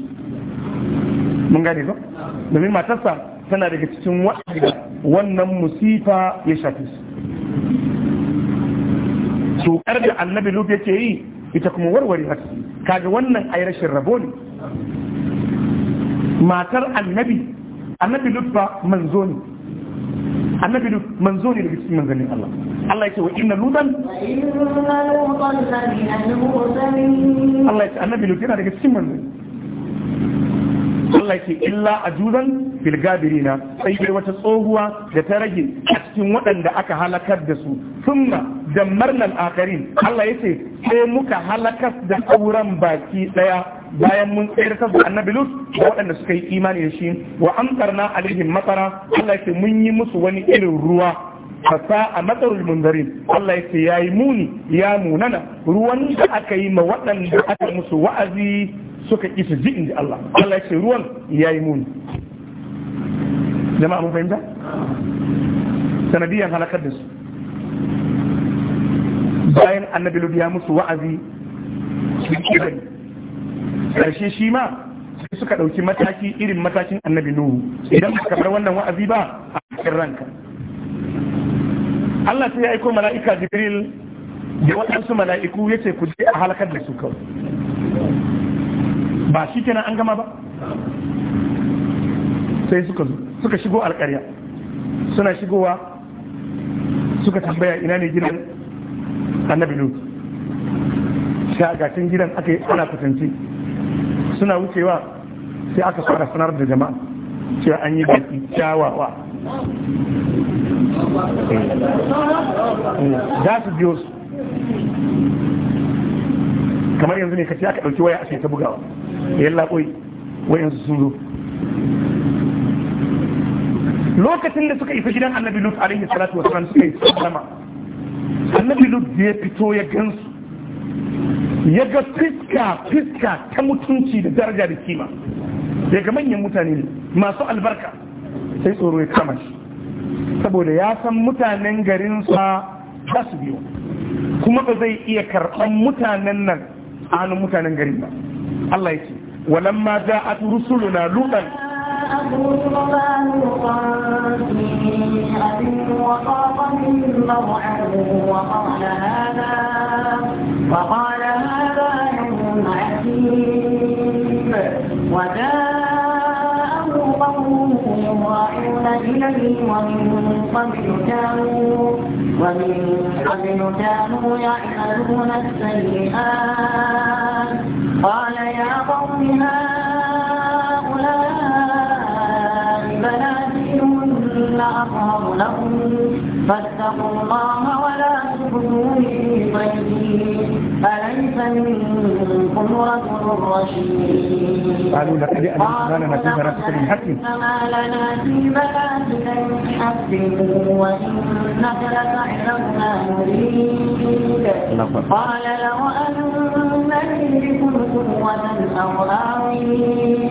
mun gane ba domin matarsa tana daga cikin waɗanda wannan musifa ya shafi su tsokar da annabi lufi yake yi ita kuma warware haka kaga wannan yi rashin rabo ne matar annabi annabi lufa manzo ne annabi duk manzo ne daga cikin manzannin Allah Allah yake wa inna lutan Allah yake annabi duk yana daga cikin manzanni Allah ke illa a juzan filgabirina sai dai wata tsohuwa da ta rage a cikin waɗanda aka halakar da su summa dammarnan akarin Allah ya ce sai muka halakar da sauran baki ɗaya bayan mun tsayar da annabi lut da waɗanda suka yi imani da shi wa amtarna alaihim matsara Allah ya ce mun yi musu wani irin ruwa fasa a matsarul mundarin Allah ya ce ya yi muni ya munana ruwan da aka yi ma waɗanda aka musu wa'azi suka ƙi su ji inji Allah Allah ya ce ruwan ya yi muni jama'a mun fahimta sanadiyan halakar da su bayan annabi lubi ya musu wa'azi su ƙi bari ƙarshe shi ma suka ɗauki mataki irin matakin annabi nuhu idan ba ka bar wannan wa'azi ba a cikin ranka Allah sai ya aiko mala'ika Jibril da waɗansu mala'iku ya ce ku je a halakar da su kawai ba shi kenan an gama ba sai suka zo suka shigo alƙarya suna shigowa suka tambaya ina ne gidan annabi lut sai a gashin gidan aka yi ana kusanci suna wucewa sai aka fara sanar da jama'a cewa an yi baki kyawawa eh, za su biyo su kamar yanzu ne ka aka ɗauki waya a ta bugawa yalla ƙoyi wayansu sun zo lokacin da suka isa gidan annabi lut rikin salatu wa ran suka yi sallama annabi lut ya fito ya gansu ya ga fiska fiska ta mutunci da daraja da kima ya ga manyan mutane ne masu albarka sai tsoro ya kama shi saboda ya san mutanen garinsa ba su biyo kuma ba zai iya karɓan mutanen nan a hannun mutanen garin ba Allah ya ce walamma ja'at rusuluna lutan وقال هذا وقال هذا يوم وجاء يضاعون إليه ومن قبل كانوا ومن قبل كانوا يعملون السيئات قال يا قوم هؤلاء بناتي هن أطهر لهم فاتقوا الله ولا تخزوني طيبين أليس منكم رجل رشيد قالوا ما ألمتنا لنا في من حق لنا في بناتك من حق وإنك لتعلم ما نريد قال لو أن لي كل قوة أو آوي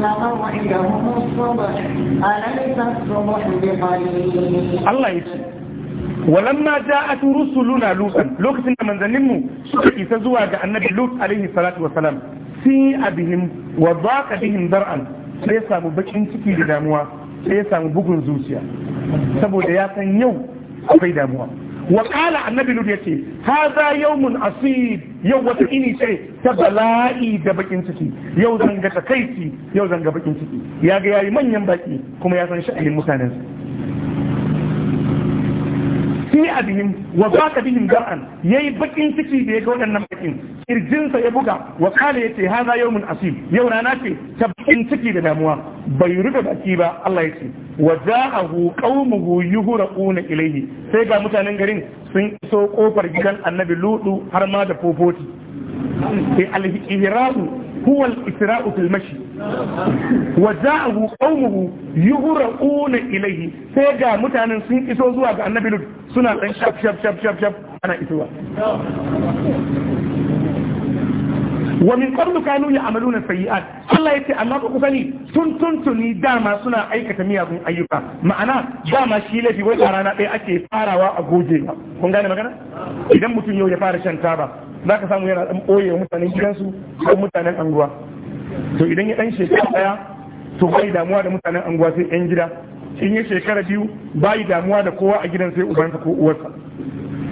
موعدهم الصبح أليس الصبح بقريب الله يسلمك walamma ja'at rusuluna lokacin da manzannin mu suka isa zuwa ga annabi lut alaihi salatu wasalam si abihim wa daqa bihin dar'an sai ya samu bakin ciki da damuwa sai ya samu bugun zuciya saboda ya san yau akwai damuwa wa annabi lut yace hadha mun asib yau wata ini ce ta bala'i da bakin ciki yau zanga takaici yau zanga bakin ciki ya ga yayi manyan baki kuma ya san sha'anin mutanen a bihim wa baka bihim gar'an yayi bakin ciki da ya ga waɗannan bakin kirjinsa ya buga wa kala yace haza yawmun asim yau rana ce ta bakin ciki da damuwa bai rufe baki ba Allah yace wa ja'ahu qaumuhu yuhraquna ilayhi sai ga mutanen garin sun iso kofar gidan annabi ludu har ma da fofoti sai al هو الإسراء في المشي وجاءه قومه يغرؤون إليه سيجا متانا سنك إسوزوا عن النبي لد سنة شاب شاب شاب شاب شاب أنا إسوا ومن قبل كانوا يعملون السيئات الله يتي الله كفني تن تن تني داما سنة أي كتمية من أيوكا معنا داما شيلة في ويقارانا أي أكي فارا وأغوجي كنغاني مغانا إذا متن يو يفارشان تابا za ka samu yana dan ɓoye mutanen gidansu ko mutanen anguwa to idan ya dan shekara daya to bai damuwa da mutanen anguwa sai yan gida in ya shekara biyu bai damuwa da kowa a gidan sai ubansa ko uwarsa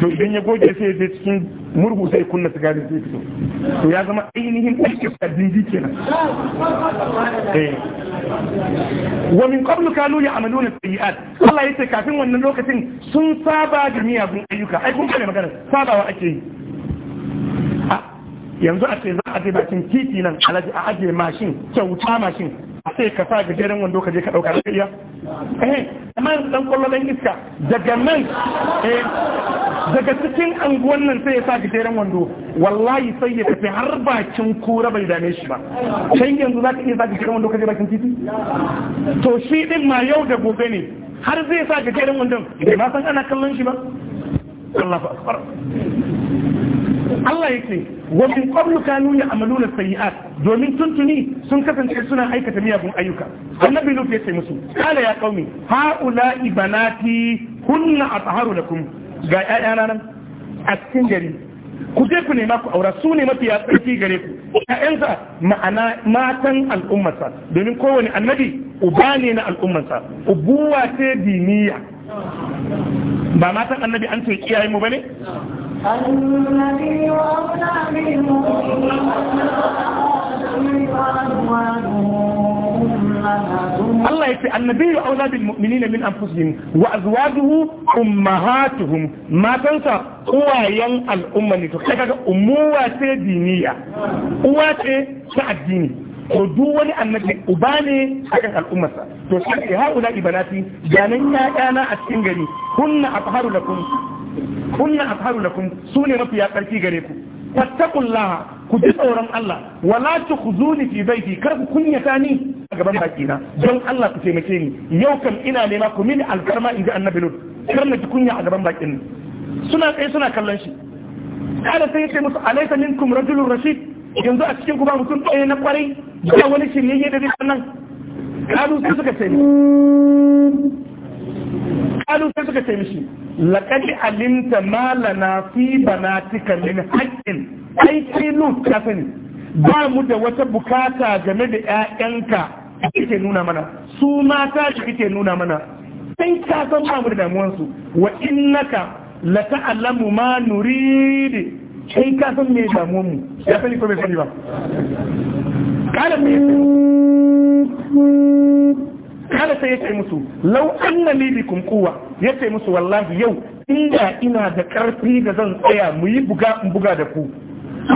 to idan ya goge sai ya cikin murhu sai kunna sigarin sai fito to ya zama ainihin aikin kaddiji kenan eh. wa min qablu kanu ya'maluna sayi'at Allah yace kafin wannan lokacin sun saba da miyagun ayyuka ai kun kare magana sabawa ake yi yanzu a ce za a je bakin titi nan alaji a ajiye mashin kyauta mashin a sai ka sa gajeren wando ka je ka dauka ka iya eh amma yanzu dan kwallo dan iska daga nan eh daga cikin anguwan nan sai ya sa gajeren wando wallahi sai ya tafi har bakin kura bai dame shi ba can yanzu za ka iya sa gajeren wando ka je bakin titi to shi din ma yau da gobe ne har zai sa gajeren wandon bai ma san ana kallon shi ba Allah akbar Allah yake wa min qablu kanu ya'maluna sayyi'at domin tuntuni sun kasance suna aikata miyagun ayyuka annabi lut ya ce musu kala ya qaumi haula ibanati kunna atharu lakum ga ƴaƴana nan a cikin gari ku je ku nema ku aura su ne mafiya tsarki gare ku ƴaƴansa ma'ana matan al'ummarsa domin kowane annabi uba ne na al'ummarsa ubuwa ce diniya ba matan annabi an ce iyayen mu bane النبي أولى بالمؤمنين Allah ya ce annabiyu aula bil mu'minina min anfusihim wa azwajuhu ummahatuhum matansa uwayen al'umma ne to kaga umuwa ce diniya uwa ce ta addini ko duk wani annabi uba ne akan al'ummarsa to sai haula ibanati ganan ya a cikin gari kunna afharu lakum kunna azharu lakum sune ya karfi gare ku fattaqullaha ku ji tsoron Allah wala tukhzuni fi baiti kar ku kunyata ni a gaban na don Allah ku taimake ni yau kam ina nema ku mini alkarma inda annabi lut kar na ji kunya a gaban bakin suna kai suna kallon shi kada sai ya musu alaysa minkum rajulun rashid yanzu a cikin ku ba mutum ɗaya na kwarai ga wani shiryayye da zai nan kalu su suka ce kalu suka ce mishi laqad alimta ma lana fi banatika min haqqin ai kai lut ka sani ba mu da wata bukata game da ƴaƴanka kike nuna mana su mata da kike nuna mana sai ka san ba mu da damuwansu wa innaka la ta'lamu ma nurid kai ka san me damuwan mu ya sani ko bai sani ba kala min kada sai yace musu law anna li bikum ya yace musu wallahi yau inda ina da karfi da zan tsaya mu yi buga buga da ku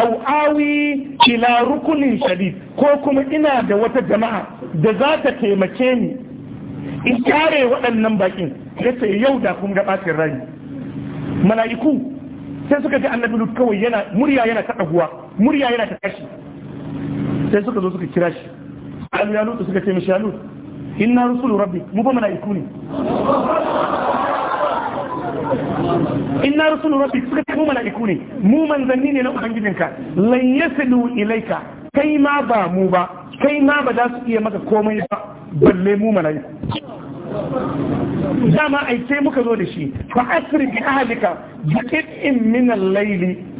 au awi ila rukunin shadid ko kuma ina da wata jama'a da za ta taimake ni in kare waɗannan bakin yace yau da kun ga bacin rai mala'iku sai suka ji annabi lut kawai yana murya yana ta daguwa murya yana ta kashi sai suka zo suka kira shi al ya lutu suka ce mishi inna rusulu rabbi mu ba malaiku ne inna rusulu rabbi suka ce mu malaiku ne mu manzanni ne na ubangijinka lan yasilu ilaika kai ma ba mu ba kai ma ba za su iya maka komai ba balle mu malaiku dama aice muka zo da shi fa asri bi ahlika bi qit'in min al-layli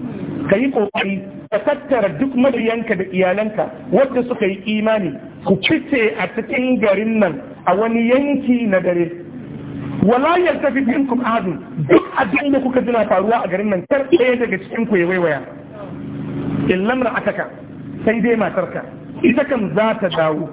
ka yi kokari ka tattara duk mabiyanka da iyalanka wadda suka yi imani ku fice a cikin garin nan a wani yanki na dare wala tafi minkum ahadun duk abin da kuka jina faruwa a garin nan kar ɗaya daga cikin ku ya waiwaya illam ra'ataka sai dai matarka ita kam za ta dawo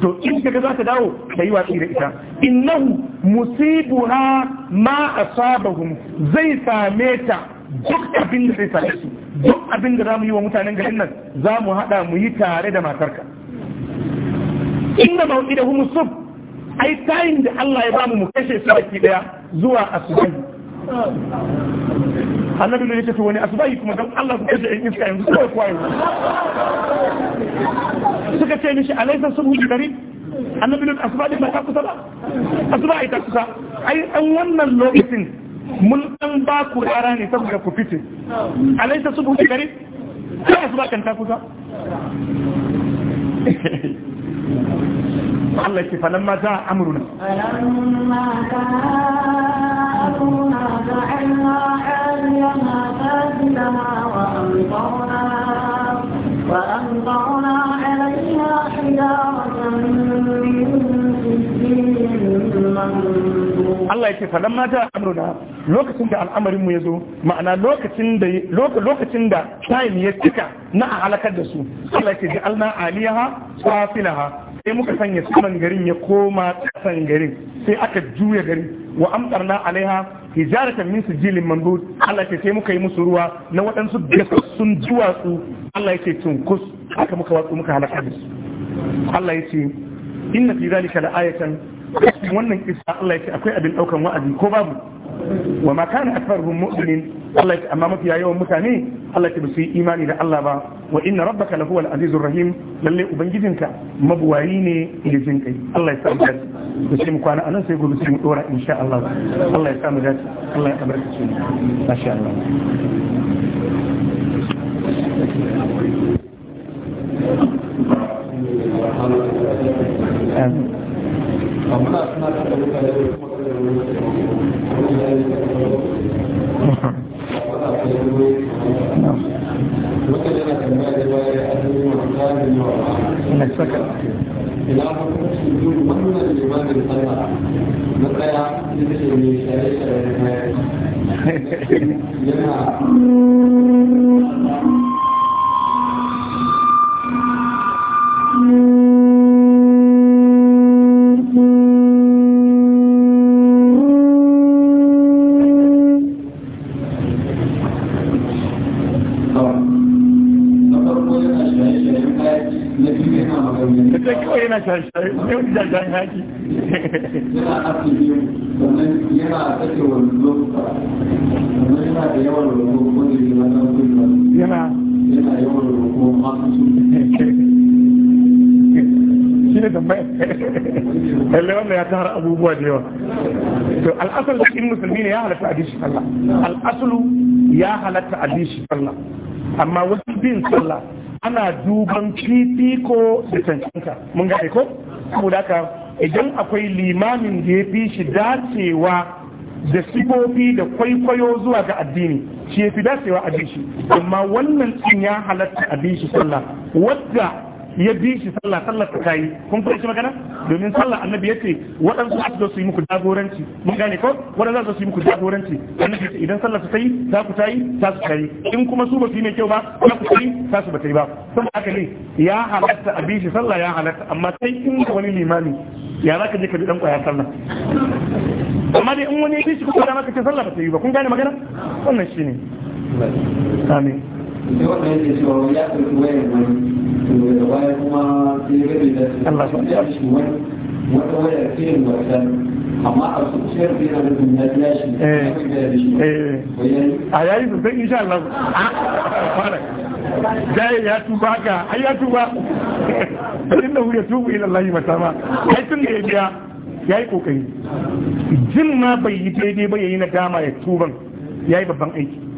to in kaga za ta dawo kai watsi da ita innahu musibuha ma asabahum zai same ta duk abin da zai same su duk abin da za mu yi wa mutanen garin nan za mu haɗa mu yi tare da matarka inda mawuƙi da humus sub ai tayin da Allah ya bamu mu kashe su baki ɗaya zuwa asubai annabi ne ya ce wani asubai kuma don Allah su kashe in iska yanzu kawai kwayo suka ce mishi alaisa subhu bi dari annabi ne asubai ba ta kusa ba asubai ta kusa ai an wannan lokacin mun dan ba ku rara ne saboda ku fice alaisa su buɗe gari sai a zuba kan ta kusa Allah ce falon mata amuruna وأمطرنا عليها حجارة Allah ya ce faɗan mata amruna lokacin da al'amarinmu ya zo ma'ana lokacin da time ya cika na a halakar da su Allah ya ce ja'alna aliyaha safilaha sai muka sanya saman garin ya koma kasan garin sai aka juya garin wa amtarna alaiha hijaratan min sijilin mandud Allah ya ce sai muka yi musu ruwa na waɗansu gasassun duwatsu Allah ya ce tunkus haka muka watsu muka halakar da su Allah ya ce inna fi zalika la'ayatan wannan kisa Allah ya ce akwai abin daukan wa'azi ko babu wa ma kana aktharuhum mu'minin Allah ya amma mafiya yawan mutane Allah ya su yi imani da Allah ba wa inna rabbaka lahu al-azizur rahim lalle ubangijinka mabuwayi ne da jin kai Allah ya sa mu dace mu kwana anan sai gobe sai mu dora insha Allah Allah ya sa mu Allah ya albarkace mu masha Allah Thank you. ina hukunci yin wannan limanin sallah na da wannan ya tara abubuwa da yawa to al'asal da in musulmi ne ya halatta a bishi sallah al'asulu ya halatta adishi sallah amma wasu bin sallah ana duban fifiko da cancanta mun gane ko saboda haka idan akwai limamin da ya shi dacewa da sifofi da kwaikwayo zuwa ga addini shi ya fi dacewa adishi amma wannan tsin ya halatta adishi sallah wadda ya bi shi sallah sallah ta yi kun shi magana domin sallah annabi yace waɗansu za su yi muku jagoranci mun gane ko waɗansu za su yi muku jagoranci annabi yace idan sallah ta yi za ku ta yi za su ta yi in kuma su ba su yi mai kyau ba za ku ta yi za su ba ta yi ba kuma haka ne ya halatta a bi shi sallah ya halatta amma sai in ka wani limami ya za ka je ka bi dan kwaya sallah amma dai in wani ya bi shi kuka da maka ce sallah ba ta yi ba kun gane magana wannan shine amin sai wanda yake cewa ya kuma da su ya wani a yana biya eh. eh. a yayi sosai insha Allah ah, jaye ya tuba ka ai ya tuba inda hu ya tubu ila Allah masama ai tun da ya biya ya yi kokari jin ma bai yi daidai ba ya yi na dama ya tuban ya yi babban aiki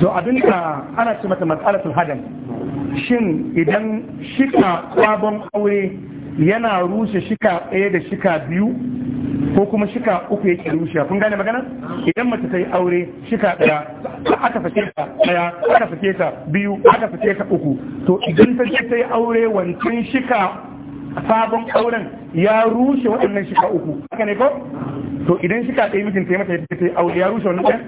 to abin da ana ce mata matsalatul hadan shin idan shika kwabon aure yana rushe shika ɗaya da shika biyu ko kuma shika uku yake rushe kun gane magana idan mace ta yi aure shika ɗaya aka fice ta ɗaya aka fice ta biyu aka fice ta uku to idan ta je ta yi aure wancan shika sabon auren ya rushe waɗannan shika uku haka ne ko to idan shika ɗaya mijinta ya mata ya ta yi aure ya rushe wannan ɗaya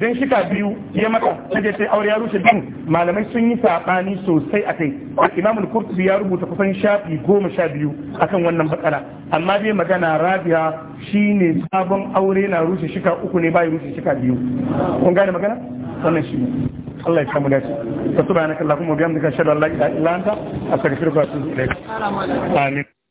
dan shika biyu ya maka kaje sai aure ya rushe din malamai sun yi sabani sosai a kai Imam al-Qurtubi ya rubuta kusan shafi goma sha biyu akan wannan matsala amma dai magana Rabi'a shine sabon aure na rushe shika uku ne bai rushe shika biyu kun gane magana wannan shi ne Allah ya samu dace fa subhanakallahumma wa bihamdika ashhadu an la ilaha illa anta astaghfiruka wa atubu ilaik amin